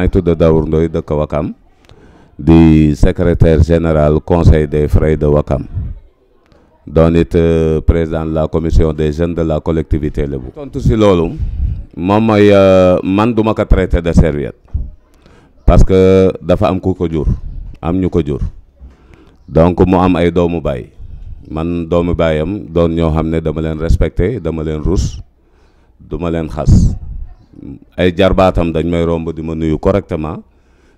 maa ngi tudd Daour Ndoye di secrétaire général conseil des frais de Wakam dont est euh, président de la commission des jeunes de la collectivité Lébu tontu si loolu moom mooy euh, man duma ko traité de serviette parce que dafa am ku ko jur am ñu ko donc moi am ay doomu baay man doomu baayam doon ñoo xam ne dama leen respecté dama russe rus duma leen ay jarbaatam dañ may romb di ma nuyu correctement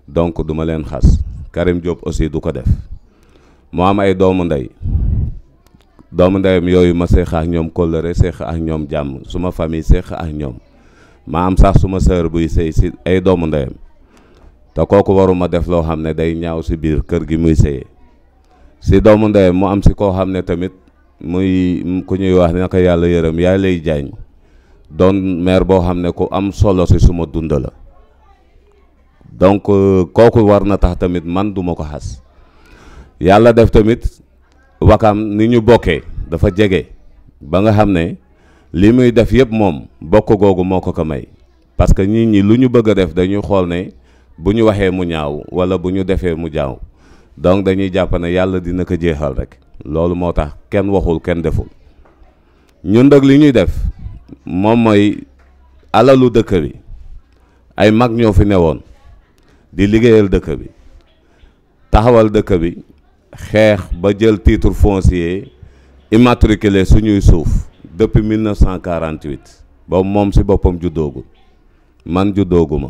donc duma leen xas Karim Diop aussi du ko def mu am ay doomu ndey doomu ndeyam yooyu ma seex ak ñoom kóllëre seex ak ñoom jàmm suma famille seex ak ñoom ma am sax suma sœur buy sëy si ay doomu ndeyam te kooku waruma def loo xam ne day ñaaw si biir kër gi muy sëyee si doomu ndeyam mu am si koo xam ne tamit muy ku ñuy wax naka yàlla yërëm yaay lay jaañ doon maire boo xam ne ku am solo si suma dund la donc euh, kooku war na tax tamit man duma ko xas yàlla def tamit wakaam ni ñu bokkee dafa jege ba nga xam ne li muy def yëpp moom bokk googu moo ko ko may parce que nit ñi lu ñu bëgg a def dañuy xool ne bu ñu waxee mu ñaaw wala bu ñu defee mu jaaw donc dañuy jàpp ne yàlla dina ko jeexal rek loolu moo tax kenn waxul kenn deful ñu nag li ñuy def moom mooy alalu dëkk bi ay mag ñoo fi newoon di liggéeyal dëkk bi taxawal dëkk bi xeex ba jël titre foncier immatriculé suñuy suuf depuis 1948 ba moom si boppam juddoogul man juddooguma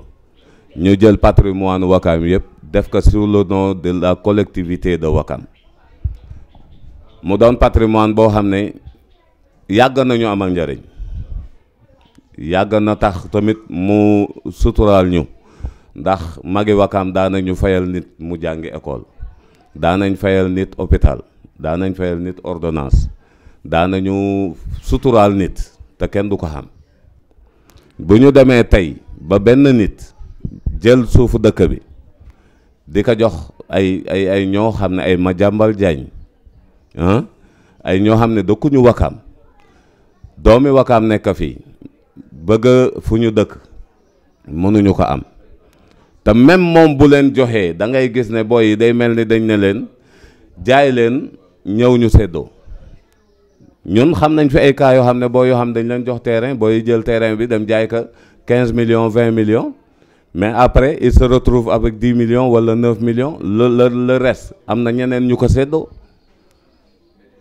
ñu jël patrimoine Wakam yëpp def ko sous le nom de la collectivité de Wakam mu doon patrimoine boo xam ne yàgg nañu am ak njëriñ yàgg na tax tamit mu suturaal ñu ndax magi wakaam ñu fayal nit mu jàngi école daanañ fayal nit hôpital daanañ fayal nit ordonnance daanañu suturaal nit te kenn du ko xam bu ñu demee tey ba benn nit jël suufu dëkk bi di ko jox ay ay ay ñoo xam ne ay ma jàmbal ah ay ñoo xam ne dëkkuñu wakaam doomi wakaam nekk fii bëgg fu ñu dëkk mënuñu ko am te même moom bu leen da ngay ne boy yi day dañ leen jaay leen ñun xam nañ fi ay xam terrain terrain 15 millions 20 millions mais après il se retrouve avec 10 millions wala 9 millions le reste am ñeneen ñu ko seddoo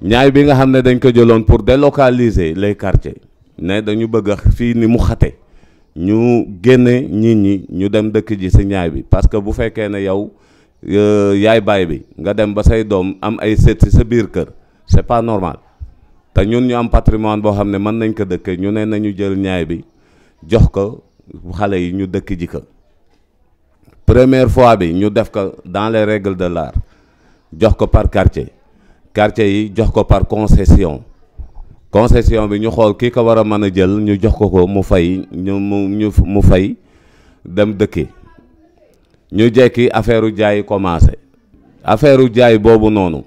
ñaay bi nga pour délocaliser les quartiers. ne dañu bëgg fii ni mu xate ñu génne nit ñi ñu dem dëkk ji si ñaay bi parce que bu fekkee ne yow euh, yaay baay bi nga dem ba say doom am ay seet sa biir kër c'est pas normal te ñun ñu am patrimoine boo xam ne mën nañ ko dëkkee ñu ne nañu jël ñaay bi jox ko xale yi ñu dëkk ji ko première fois bi ñu def ko dans les règles de l'art jox ko par quartier quartier yi jox ko par concession concession bi ñu xool kii ko war a mën a jël ñu jox ko ko mu fay ñu mu mu fay dem dëkki ñu jekki affaire jaay commencé affaire jaay boobu noonu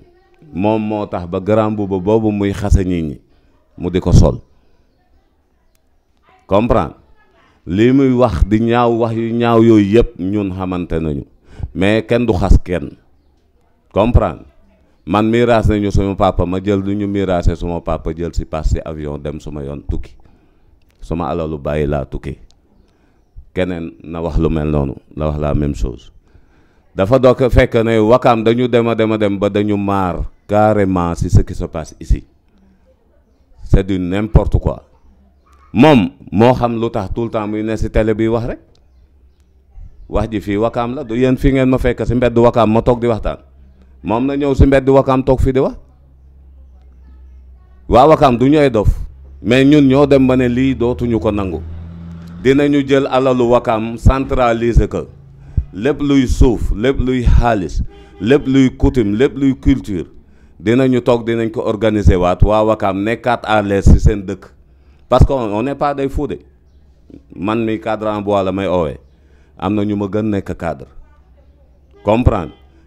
moom moo tax ba grand mbubb boobu muy xase nit ñi mu di ko sol comprendre lii muy wax di ñaaw wax yu ñaaw yooyu yëpp ñun xamante nañu mais kenn du xas kenn comprendre man miraas ñu papa ma jël ñu papa jël si passé avion dem suma yon tukki suma alalu tukki Kenen na wax lu mel la wax même chose dafa dok fekk ne wakam dañu dema dem ba dañu carrément ce qui se passe ici c'est du n'importe quoi mom mo xam lu tout le temps muy ne suis télé bi wax rek wax ji fi wakam la du je fi ngeen ma fekk moom na ñëw si mbedd wakaam toog fi di wax waa wakaam du ñooy dof mais ñun ñoo dem ba ne lii dootuñu ko nangu dinañu jël alalu wakaam centraliser ko lépp luy suuf lépp luy xaalis lépp luy coutume lépp luy culture dinañu toog dinañ ko organiser waat waa wakaam nekkaat à l'aise si seen dëkk parce que on n'est pas des man mi cadre en bois la may oowee am na ñu ma gën nekk cadre comprendre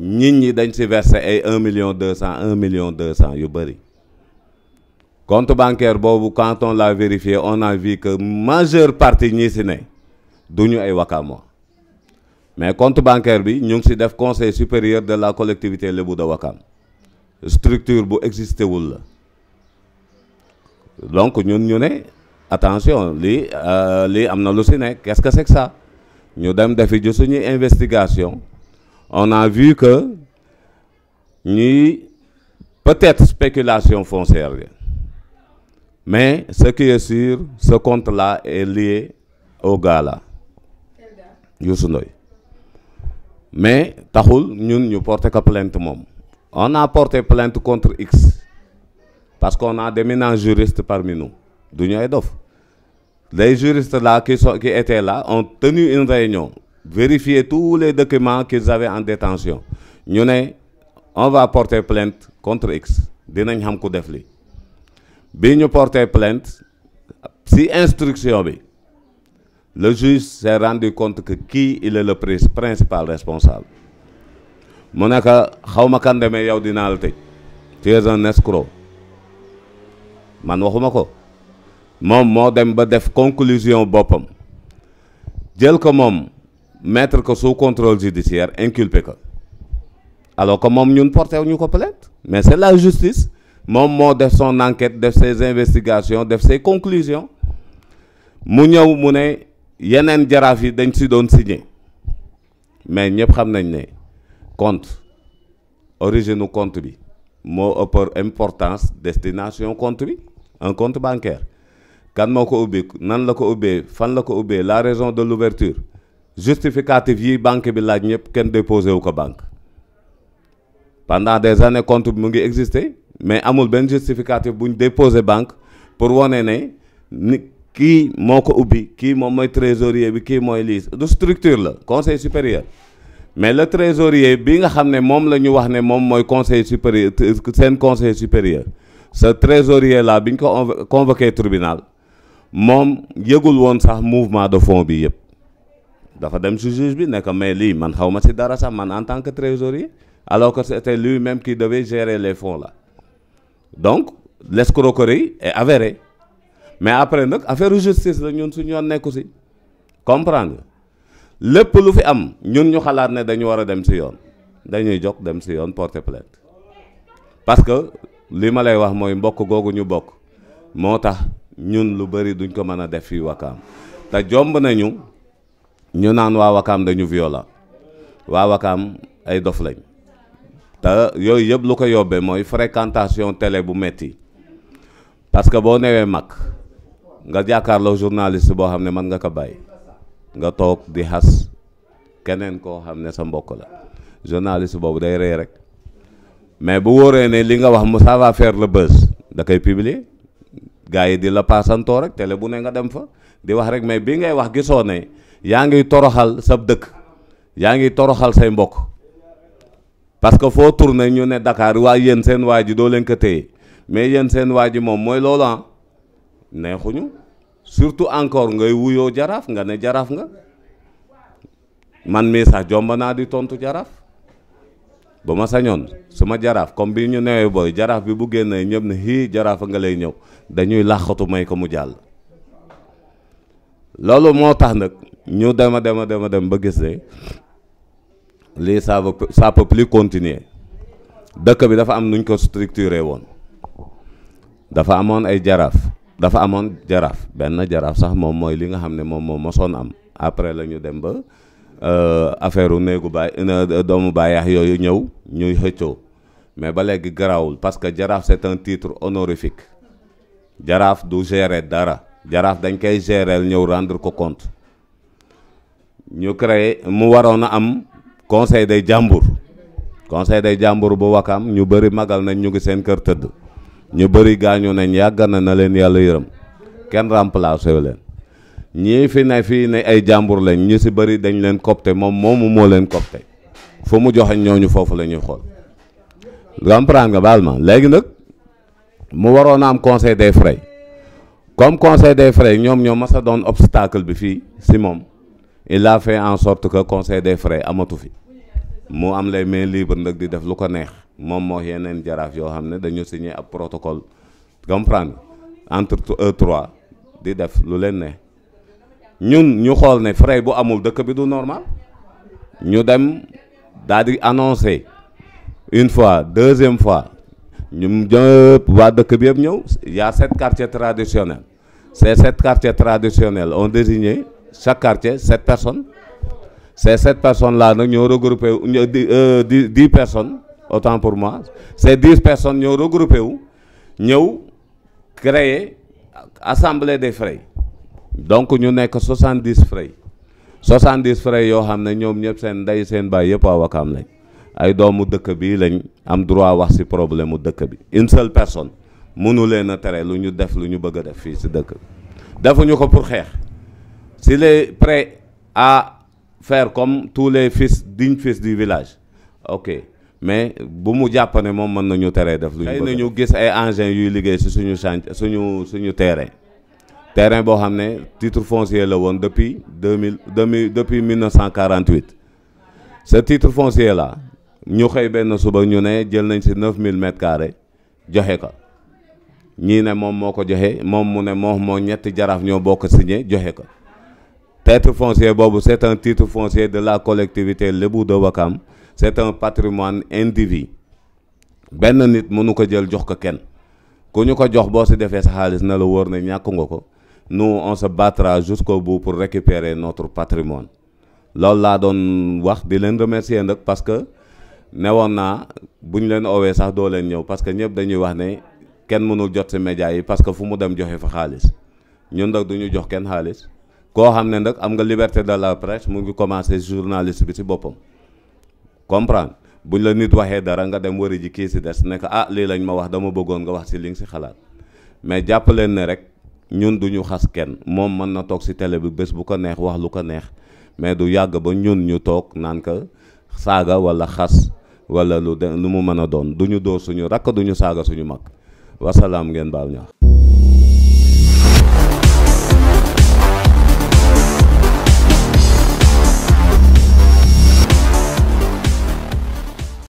Nous, ñi dañ 1 verser ay un million deux cent million yu compte bancaire quand on l'a vérifié on a vu que majeure partie ñi ce ne du ñu ay Wakamo mais compte bancaire bi ñu fait conseil supérieur de la collectivité Lébou de Wakam structure bu existé donc nous, ñu attention lii euh, lii am na qu'est-ce que c'est que ça Nous avons fait une investigation on a vu que ni peut-être spéculation foncière mais ce qui est sûr ce compte-là est lié au gala. là mais taxul nous, ñu porter plainte on a porté plainte contre X parce qu'on a des ménages juristes parmi nous les juristes là qui étaient là ont tenu une réunion vérifier tous les documents qu'ils avaient en détention ñu on va porter plainte contre X on va ku def li porter plainte si instruction le juge s'est rendu compte que qui est le principal responsable je ne sais pas kan yow tu es un escroc man waxuma ko moom dem ba def conclusion boppam jël ko mettre que sous contrôle judiciaire inculpé ko alors que nous ñun porté pas mais c'est la justice Mon moo def son enquête def ses investigations def ses conclusions mu ñëw mu ne y jaraaf yi dañ si doon signé mais ñëpp xam nañ le compte origine du compte bi moo importance destination compte bi un compte bancaire quand je l'ai oublié, nan la ko fan la raison de l'ouverture justificatif yi banque bi laaj ñep ken déposé wu ko banque pendant des années compte mu ngi exister mais amul ben justificatif buñ déposé banque pour woné né ki moko ubi ki mom moy trésorier bi kii moy lii du structure la conseil supérieur mais le trésorier bi nga xamné mom lañu wax né mom moy conseil supérieur sen conseil supérieur ce trésorier là biñ ko convoqué tribunal mom yegul won sax mouvement de fonds bi yëpp dafa dem si juge bi ne ko mais lii man xaw ma si dara sax man en tant que trésorier alors que c'était lui-même qui devait gérer les fonds là donc l'escroquerie est avérée mais après nag affaire justice la ñun suñu yoon nekku si comprendre lépp lu fi am ñun ñu xalaat ne dañu war a dem si yoon dañuy jog dem si yoon porte plainte parce que li ma lay wax mooy mbokk googu ñu bokk moo tax ñun lu bëri duñ ko mën a def fii Wakaam te jomb nañu ñu naan waa Wakaam dañu viola waa Wakaam ay dof lañ te yooyu yëpp lu ko yóbbee mooy fréquentation télé bu metti parce que boo newee mag nga jàkkaarloo journaliste boo xam ne mën nga ko bàyyi nga toog di xas keneen koo xam ne sa mbokk la journaliste boobu day rey rek mais bu wóoree ne li nga wax mu ça la bës da koy publier gars yi di la paasantoo rek télé bu ne nga dem fa di wax rek mais bi ngay wax gisoo nay yaa ngi toroxal sab dëkk yaa ngi toroxal say mbokk parce que foo tourné ñu ne Dakar waa yéen seen waa ji doo leen ko téye mais yéen seen waa ji moom mooy loolu ah. neexuñu surtout encore ngay wuyoo jaraaf nga ne jaraaf nga man mii sax jomba naa di tontu jaraaf ba ma sañoon suma jaraaf comme bi ñu newee booy jaraaf bi bu génnee ñëpp ne xii jaraaf nga lay ñëw dañuy làqatu may ko mu jàll loolu moo tax nag Nous dama dama dama dem ba gis les ça va ça peut plus continuer dëkk bi dafa am nuñ ko structuré won dafa amone ay jaraf dafa amone jaraf ben jaraf sax mom moy li nga xamné ne moom moo am après la dem ba euh, affaire u néegu baay euh, doomu bayax yoyu ñew ñuy xëccoo mais ba légui grawul parce que jaraf c'est un titre honorifique jaraf du gérer dara jaraf dañ koy gérer ñew rendre ko compte ñu créé mu waroon a am conseil day jàmbur conseil des jàmbur bu wakaam ñu bëri magal nañ ñu ngi seen kër tëdd ñu bëri gaañu nañ yàgg na na leen yàlla yërëm kenn remplacé leen ñii fi ne fii ne ay jàmbur lañ ñu si bëri dañ leen copte moom moomu moo leen copte fu mu joxe ñooñu foofu la ñuy xool comprendre nga baal ma léegi nag mu waroon a am conseil des frais comme conseil des frais ñoom ñoo mas a doon obstacle bi fii si moom il a fait en sorte que conseil des frais amatu fi fait. am lay libre di def lu ko neex signé protocole entre eux trois frais amul de normal dem annoncé une fois deuxième fois nous avons dëkk bi y a sept quartiers traditionnels ces sept quartiers traditionnels ont désigné chaque quartier, 7 personnes. Ces 7 personnes-là, nous avons regroupé 10 euh, personnes, autant pour moi. Ces 10 personnes, nous avons regroupé Nous avons créé, assemblé des frais. Donc, nous n'avons que 70 frais. 70 frais, nous avons tous les frais, nous avons tous les frais, nous avons tous les frais. Nous avons tous les frais, nous avons tous les frais. Une seule personne. Nous avons tous les frais, nous avons tous les frais. Nous avons tous les frais pour faire s'il est prêt à faire comme tous les fils dignes fils du village ok mais si nous ne mën nañu def. nous nañu Nous terrain. terrain boo titre foncier depuis 2000 depuis 1948. ce titre foncier là ñu xëy benn suba ñu ne jël nañ 000 mètres carrés Il ko titre foncier boobu c'est un titre foncier de la collectivité lebou de Wakam c'est un patrimoine indivis Ben nit mënu ko jël jox ko kenn ku ñu ko jox bo si défé sa xaalis na la wóor ne ñàkk nga ko nous on se battra jusqu'au bout pour récupérer notre patrimoine loolu la doon wax di leen remercier nak parce que newoon naa bu ñu leen owé sax do leen ñëw parce que ñëpp dañuy wax né kenn mënul jot si médias yi parce que fu mu dem joxé fa xaalis ñun nak duñu jox kenn xaalis koo xam ne nag am nga liberté de la presse mu ngi commencé journaliste bi si boppam comprendre buñ la nit waxee dara nga dem wari ji kii si des ne ah lii lañ ma wax dama bëggoon nga wax si li nga si xalaat mais jàpp leen ne rek ñun duñu xas kenn moom mën na toog si tele bi bés bu ko neex wax lu ko neex mais du yàgg ba ñun ñu toog naan ko saaga wala xas wala lu de lu mu mën a doon duñu dóor suñu rakk duñu saaga suñu mag wasalaam ngeen baal ñaax